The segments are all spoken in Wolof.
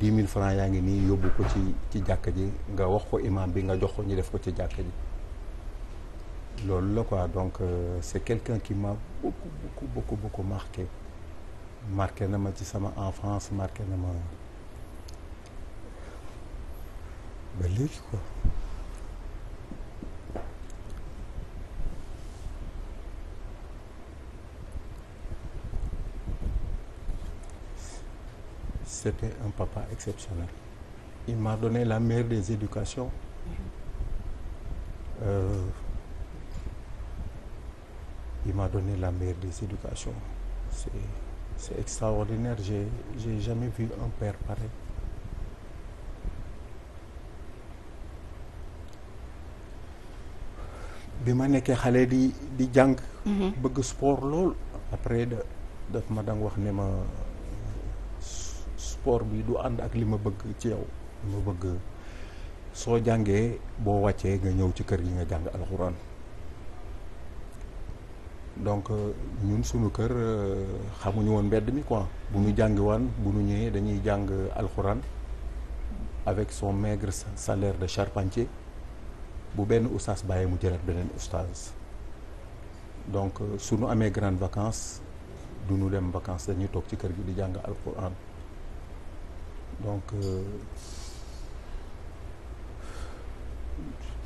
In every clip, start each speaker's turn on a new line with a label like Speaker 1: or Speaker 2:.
Speaker 1: dix mille francs yaa ngi nii yóbbu ko ci ci jàkk ji nga wax ko imam bi nga jox ko ñu def ko ci jàkk ji loolu la quoi donc euh, c'est quelqu'un qui m'a beaucoup beaucoup beaucoup marqué marqué na ma ci sama enfance marqué na ma ba léegi quoi c'était un papa exceptionnel il m'a donné la meilleure des éducations euh, m'a donné la meilleure des éducations c'est c'est extraordinaire j'ai jamais vu un père pareil bi ma nekkee xale di di jàng mhm. bëgg sport lool après daf ma dang wax ne ma sport bi du ànd ak li ma bëgg ci yow li ma bëgg soo jàngee boo wàccee nga ñëw ci kër gi nga jàng alxuraan donc ñun suñu kër euh, xamuñu woon mbedd mi quoi bu ñu jàngiwaan bu ñu ñëwee dañuy jàng alxuraan avec son maigre salaire de charpentier bu benn ustaas bàyyi mu jëlaat beneen ustaas donc euh, suñu amee grandes vacances du ñu dem vacances dañuy toog ci kër gi di jàng alxuraan donc euh,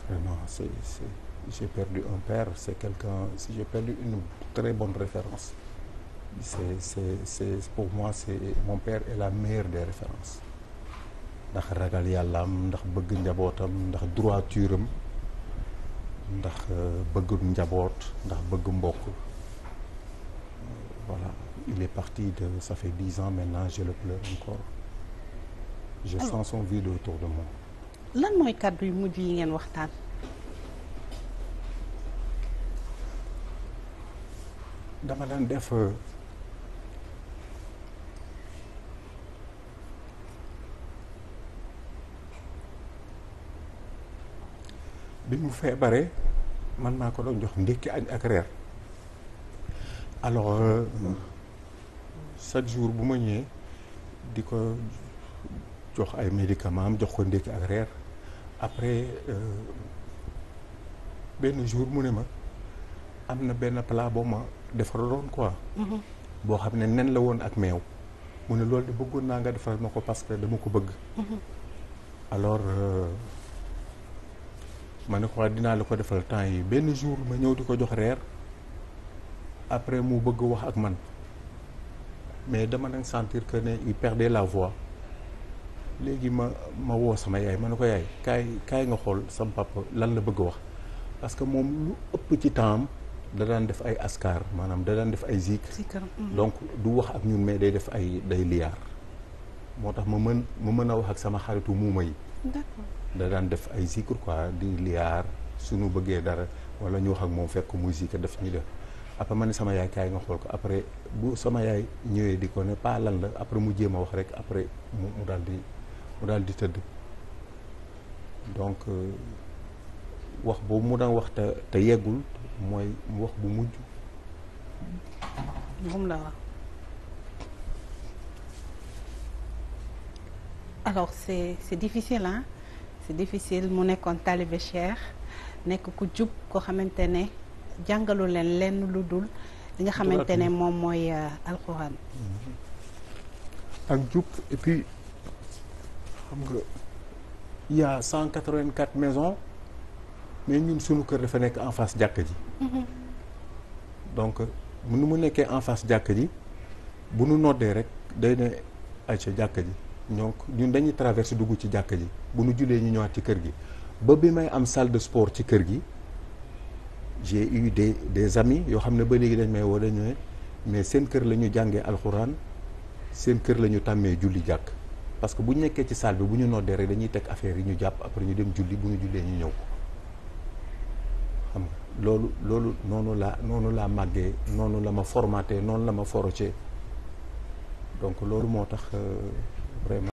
Speaker 1: vraiment c'est c'est j'ai perdu un père c'est quelqu'un si j'ai perdu une très bonne référence c'est c'est pour moi c'est mon père est la meilleure des références ndax ragal yàllaam ndax bëgg njabootam ndax droiture am ndax euh, bëgg njaboot ndax bëgg mbokk euh, voilà il est parti de ça fait dix ans maintenant je le pleure encore son vide autour de lan mooy kàddu yu mujj yi ngeen waxtaan. dama daan def euh, bi mu feebaree man maa ko doon jox ndékki añ ak reer alors euh, chaque jour bu ma ñëwee di ko. jox ay médicaments am jox ko ndékki ak reer après euh, benn jour mu ne ma am na benn plat boo ma defaraloon quoi. Mhm. boo xam ne nen la woon ak meew. mu ne loolu di bëggoon naa nga defaral ma ko parce que dama ko bëgg. Mhm. alors euh, ma ne ko dinaa la ko defal temps yi benn jour ma ñëw di ko jox reer après mu bëgg wax ak man mais dama nag sentir que ne il perdait la voix. léegi ma ma woo sama yaay ma ne ko yaay kaay kaay nga xool sama papa lan la bëgg wax parce que moom lu ëpp ci temps da daan def ay askar maanaam da daan def ay zikr mm. donc du wax ak ñun mais day def ay day liyaar moo tax ma mën ma mën a wax ak sama xaritu muuma yi d'accord daan def ay zikr quoi di liyaar suñu bëggee dara wala ñu wax ak moom fekk muy zikr def ñu def après ma ne sama yaay kaay nga xool ko après bu sama yaay ñëwee di ko ne pas lan la après mu jéem a wax rek après mu mu daal di mu daal di tëdd donc euh, wax boobu mu daan wax te yeggul mooy wax bu mujj. moom la alors c'est c'est difficile c'est difficile mu nekkoon taalibe Cheikh nekk ku jub koo xamante ne jàngalu leen lenn lu dul li nga xamante ne moom mooy euh, alxuraan. ak jub xam nga il cent quatre vingt quatre maisons mais ñun suñu kër dafa nekk en face jàkk ji mhm. donc nu mu nekkee en face jàkk ji bu nu noddee rek day ne ay jàkk ji ñoo ñun dañuy traversé dugg ci jàkk ji bu nu julee ñu ñëwaat ci kër gi ba bi may am sald de sport ci kër gi j'ai eu des des amis yoo xam ne ba léegi dañ may woo dañu mais seen kër la ñu jàngee alxuraan seen kër lañu ñu tàmmee julli jàkk parce que bu ñu nekkee ci salle bi bu ñu noddee rek dañuy teg affaire yi ñu jàpp après ñu dem julli bu ñu jullee ñu ñëw nga loolu loolu noonu laa noonu laa màggee noonu la ma formaté noonu la ma forocé donc loolu moo tax euh, vraiment.